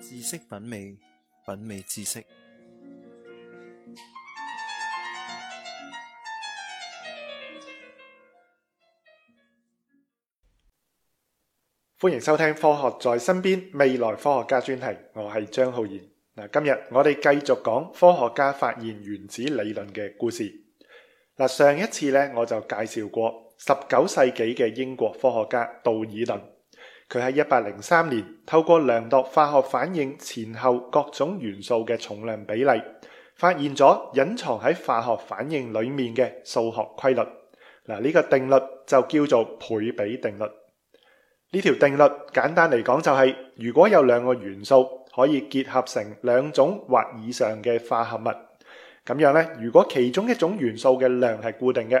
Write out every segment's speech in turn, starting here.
知識品味，品味知識。歡迎收聽《科學在身邊》未來科學家專題，我係張浩然。嗱，今日我哋繼續講科學家發現原子理論嘅故事。嗱，上一次呢，我就介紹過十九世紀嘅英國科學家道爾頓。佢喺一八零三年，透過量度化學反應前後各種元素嘅重量比例，發現咗隱藏喺化學反應裏面嘅數學規律。嗱，呢個定律就叫做倍比定律。呢條定律簡單嚟講就係，如果有兩個元素可以結合成兩種或以上嘅化合物，咁樣呢，如果其中一種元素嘅量係固定嘅，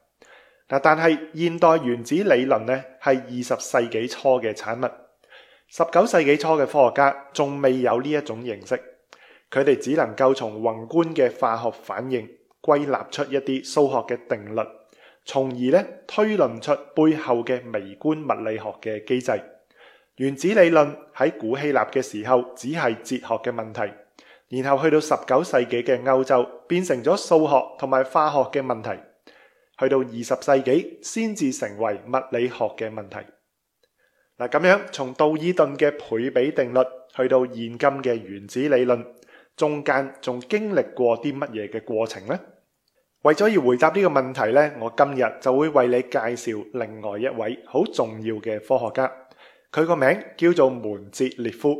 但係現代原子理論咧，係二十世紀初嘅產物。十九世紀初嘅科學家仲未有呢一種認識，佢哋只能夠從宏觀嘅化學反應歸納出一啲數學嘅定律，從而咧推論出背後嘅微觀物理學嘅機制。原子理論喺古希臘嘅時候只係哲學嘅問題，然後去到十九世紀嘅歐洲變成咗數學同埋化學嘅問題。去到二十世紀，先至成為物理學嘅問題。嗱，咁樣從道爾頓嘅倍比定律去到現今嘅原子理論，中間仲經歷過啲乜嘢嘅過程呢？為咗要回答呢個問題呢，我今日就會為你介紹另外一位好重要嘅科學家，佢個名叫做門捷列夫。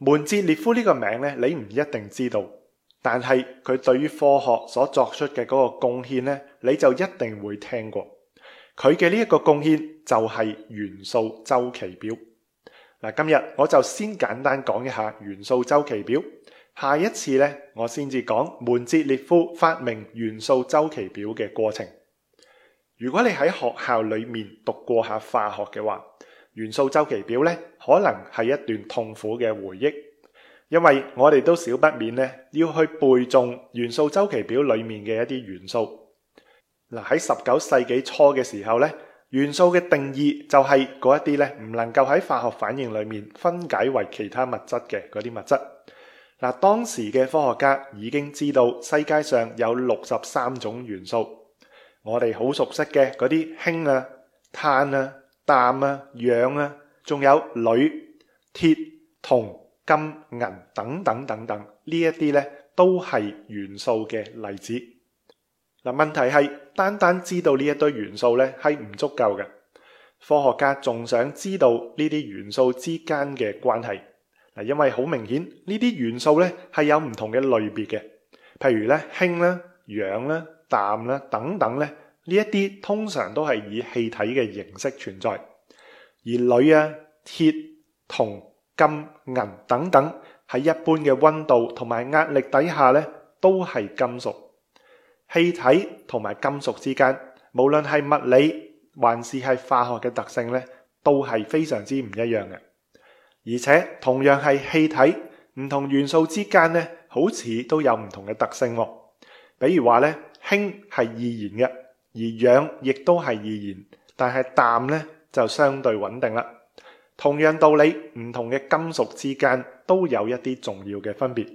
門捷列夫呢個名呢，你唔一定知道。但係佢對於科學所作出嘅嗰個貢獻呢，你就一定會聽過。佢嘅呢一個貢獻就係元素週期表。嗱，今日我就先簡單講一下元素週期表。下一次呢，我先至講門捷列夫發明元素週期表嘅過程。如果你喺學校裏面讀過下化學嘅話，元素週期表呢，可能係一段痛苦嘅回憶。因為我哋都少不免咧，要去背誦元素周期表裏面嘅一啲元素。嗱，喺十九世紀初嘅時候咧，元素嘅定義就係嗰一啲咧，唔能夠喺化學反應裏面分解為其他物質嘅嗰啲物質。嗱，當時嘅科學家已經知道世界上有六十三種元素。我哋好熟悉嘅嗰啲氫啊、碳啊、氮啊、氧啊，仲有鋁、鐵、銅。金、銀等等等等，呢一啲咧都係元素嘅例子。嗱，問題係單單知道呢一堆元素咧係唔足夠嘅。科學家仲想知道呢啲元素之間嘅關係。嗱，因為好明顯呢啲元素咧係有唔同嘅類別嘅。譬如咧，氫啦、氧啦、氮啦等等咧，呢一啲通常都係以氣體嘅形式存在。而鋁啊、鐵、銅、金、銀等等喺一般嘅溫度同埋壓力底下咧，都係金屬。氣體同埋金屬之間，無論係物理還是係化學嘅特性咧，都係非常之唔一樣嘅。而且同樣係氣體，唔同元素之間咧，好似都有唔同嘅特性。比如話咧，氫係易燃嘅，而氧亦都係易燃，但係氮咧就相對穩定啦。同樣道理，唔同嘅金屬之間都有一啲重要嘅分別。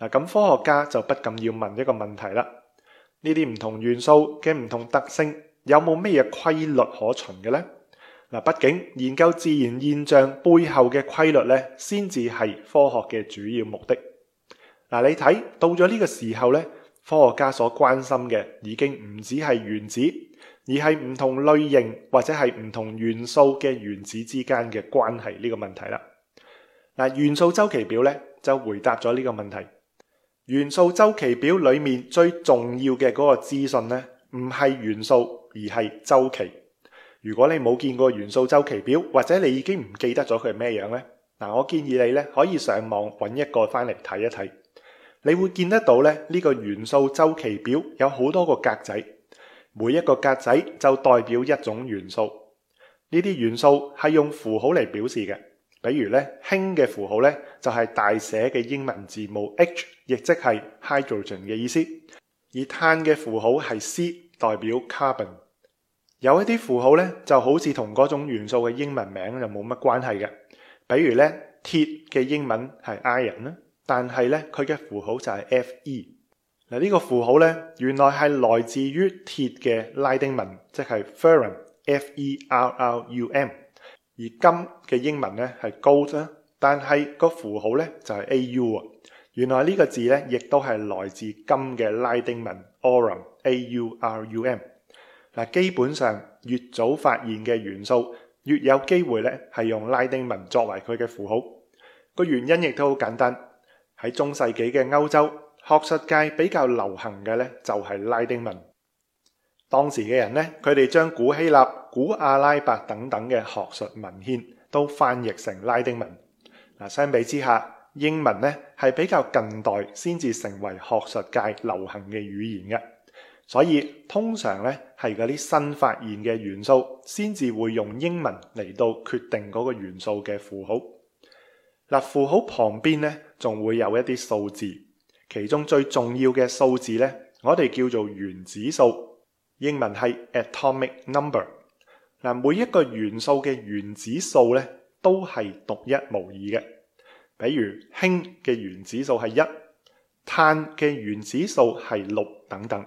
嗱，咁科學家就不禁要問一個問題啦：呢啲唔同元素嘅唔同特性有冇咩嘢規律可循嘅呢？嗱，畢竟研究自然現象背後嘅規律呢，先至係科學嘅主要目的。嗱，你睇到咗呢個時候呢。科學家所關心嘅已經唔止係原子，而係唔同類型或者係唔同元素嘅原子之間嘅關係呢個問題啦。嗱，元素周期表呢，就回答咗呢個問題。元素周期表裏面最重要嘅嗰個資訊呢，唔係元素，而係周期。如果你冇見過元素周期表，或者你已經唔記得咗佢係咩樣呢，嗱，我建議你呢，可以上網揾一個翻嚟睇一睇。你會見得到咧，呢個元素周期表有好多個格仔，每一個格仔就代表一種元素。呢啲元素係用符號嚟表示嘅，比如咧，氫嘅符號咧就係大寫嘅英文字母 H，亦即係 hydrogen 嘅意思。而碳嘅符號係 C，代表 carbon。有一啲符號咧就好似同嗰種元素嘅英文名就冇乜關係嘅，比如咧，鐵嘅英文係 iron 啦。但係咧，佢嘅符號就係 F.E。嗱，呢個符號咧，原來係來自於鐵嘅拉丁文，即係 Ferrum（F.E.R.R.U.M）。而金嘅英文咧係 Gold 啦，但係個符號咧就係 Au 啊。原來呢個字咧，亦都係來自金嘅拉丁文 （Aurum，A.U.R.U.M）。嗱，基本上越早發現嘅元素，越有機會咧係用拉丁文作為佢嘅符號。個原因亦都好簡單。喺中世紀嘅歐洲，學術界比較流行嘅呢就係拉丁文。當時嘅人呢，佢哋將古希臘、古阿拉伯等等嘅學術文獻都翻譯成拉丁文。嗱，相比之下，英文呢係比較近代先至成為學術界流行嘅語言嘅。所以通常呢係嗰啲新發現嘅元素，先至會用英文嚟到決定嗰個元素嘅符號。嗱，符號旁邊咧，仲會有一啲數字，其中最重要嘅數字咧，我哋叫做原子數，英文係 atomic number。嗱，每一個元素嘅原子數咧，都係獨一無二嘅。比如氫嘅原子數係一，碳嘅原子數係六等等。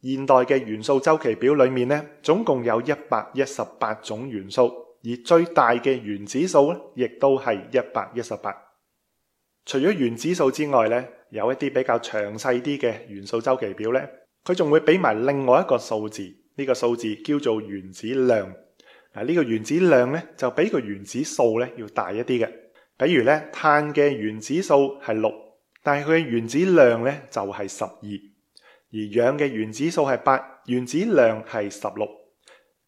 現代嘅元素周期表裏面咧，總共有一百一十八種元素。而最大嘅原子數咧，亦都係一百一十八。除咗原子數之外咧，有一啲比較詳細啲嘅元素周期表咧，佢仲會俾埋另外一個數字，呢個數字叫做原子量。嗱，呢個原子量咧就比個原子數咧要大一啲嘅。比如咧，碳嘅原子數係六，但係佢嘅原子量咧就係十二。而氧嘅原子數係八，原子量係十六。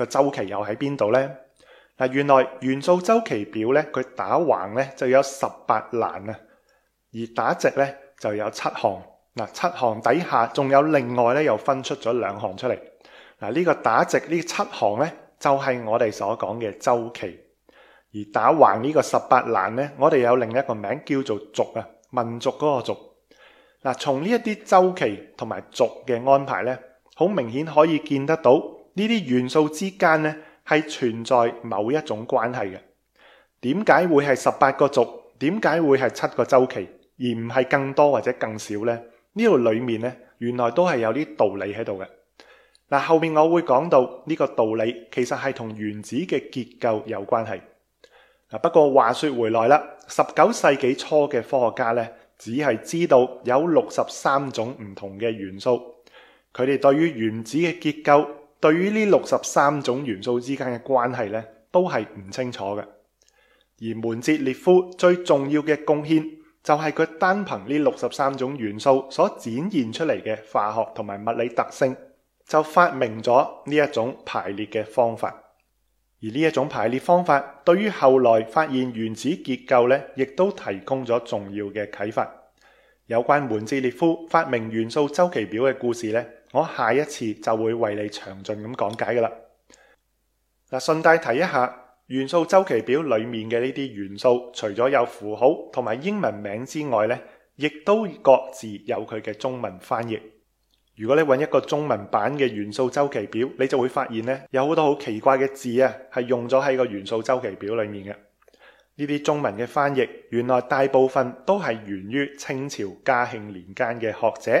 個周期又喺邊度呢？嗱，原來元素周期表咧，佢打橫咧就有十八欄啊，而打直咧就有七行。嗱，七行底下仲有另外咧，又分出咗兩行出嚟。嗱，呢個打直呢七行咧，就係我哋所講嘅周期；而打橫呢個十八欄咧，我哋有另一個名叫做族啊，民族嗰個族。嗱，從呢一啲周期同埋族嘅安排咧，好明顯可以見得到。呢啲元素之間呢係存在某一種關係嘅。點解會係十八個族？點解會係七個周期而唔係更多或者更少呢？呢度裏面呢，原來都係有啲道理喺度嘅。嗱，後面我會講到呢個道理其實係同原子嘅結構有關係。不過話說回來啦，十九世紀初嘅科學家呢，只係知道有六十三種唔同嘅元素，佢哋對於原子嘅結構。對於呢六十三種元素之間嘅關係呢，都係唔清楚嘅。而門捷列夫最重要嘅貢獻，就係佢單憑呢六十三種元素所展現出嚟嘅化學同埋物理特性，就發明咗呢一種排列嘅方法。而呢一種排列方法，對於後來發現原子結構呢，亦都提供咗重要嘅啟發。有關門捷列夫發明元素周期表嘅故事呢。我下一次就會為你詳盡咁講解㗎啦。嗱，順帶提一下，元素周期表裏面嘅呢啲元素，除咗有符號同埋英文名之外，呢亦都各自有佢嘅中文翻譯。如果你揾一個中文版嘅元素周期表，你就會發現呢有好多好奇怪嘅字啊，係用咗喺個元素周期表裏面嘅。呢啲中文嘅翻譯，原來大部分都係源於清朝嘉慶年間嘅學者。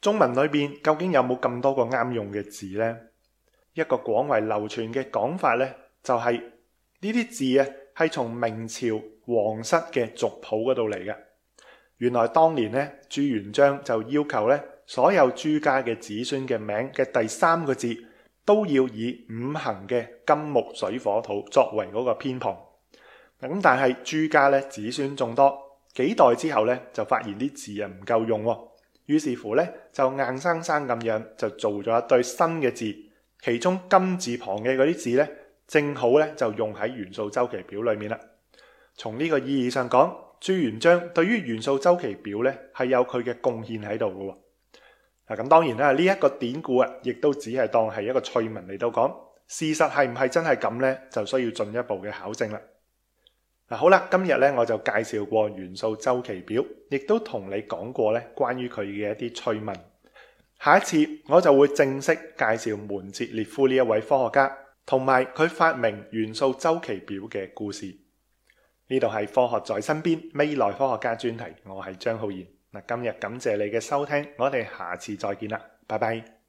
中文裏面究竟有冇咁多個啱用嘅字呢？一個廣為流傳嘅講法呢，就係呢啲字啊，係從明朝皇室嘅族譜嗰度嚟嘅。原來當年呢，朱元璋就要求呢，所有朱家嘅子孫嘅名嘅第三個字都要以五行嘅金木水火土作為嗰個偏旁。咁但係朱家呢，子孫眾多，幾代之後呢，就發現啲字啊唔夠用喎。於是乎咧，就硬生生咁樣就做咗一對新嘅字，其中金字旁嘅嗰啲字咧，正好咧就用喺元素周期表裏面啦。從呢個意義上講，朱元璋對於元素周期表咧係有佢嘅貢獻喺度嘅喎。嗱，咁當然啦，呢一個典故啊，亦都只係當係一個趣聞嚟到講。事實係唔係真係咁咧，就需要進一步嘅考證啦。嗱好啦，今日咧我就介紹過元素周期表，亦都同你講過咧關於佢嘅一啲趣聞。下一次我就會正式介紹門捷列夫呢一位科學家，同埋佢發明元素周期表嘅故事。呢度係科學在身邊未來科學家專題，我係張浩然。嗱，今日感謝你嘅收聽，我哋下次再見啦，拜拜。